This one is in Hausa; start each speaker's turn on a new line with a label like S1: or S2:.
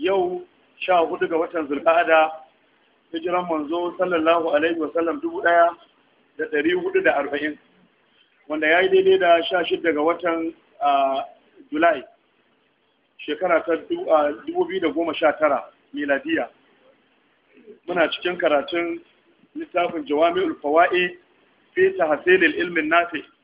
S1: yau sha hudu ga watan zulqa'ada hijiran manzo sallallahu alaihi wasallam dubu daya da dari hudu da arba'in wanda ya yi daidai da sha shida ga watan julai shekara ta dubu biyu da goma sha tara miladiya muna cikin karatun littafin jawami'ul fawa'i fi tahsilil ilmin nafi'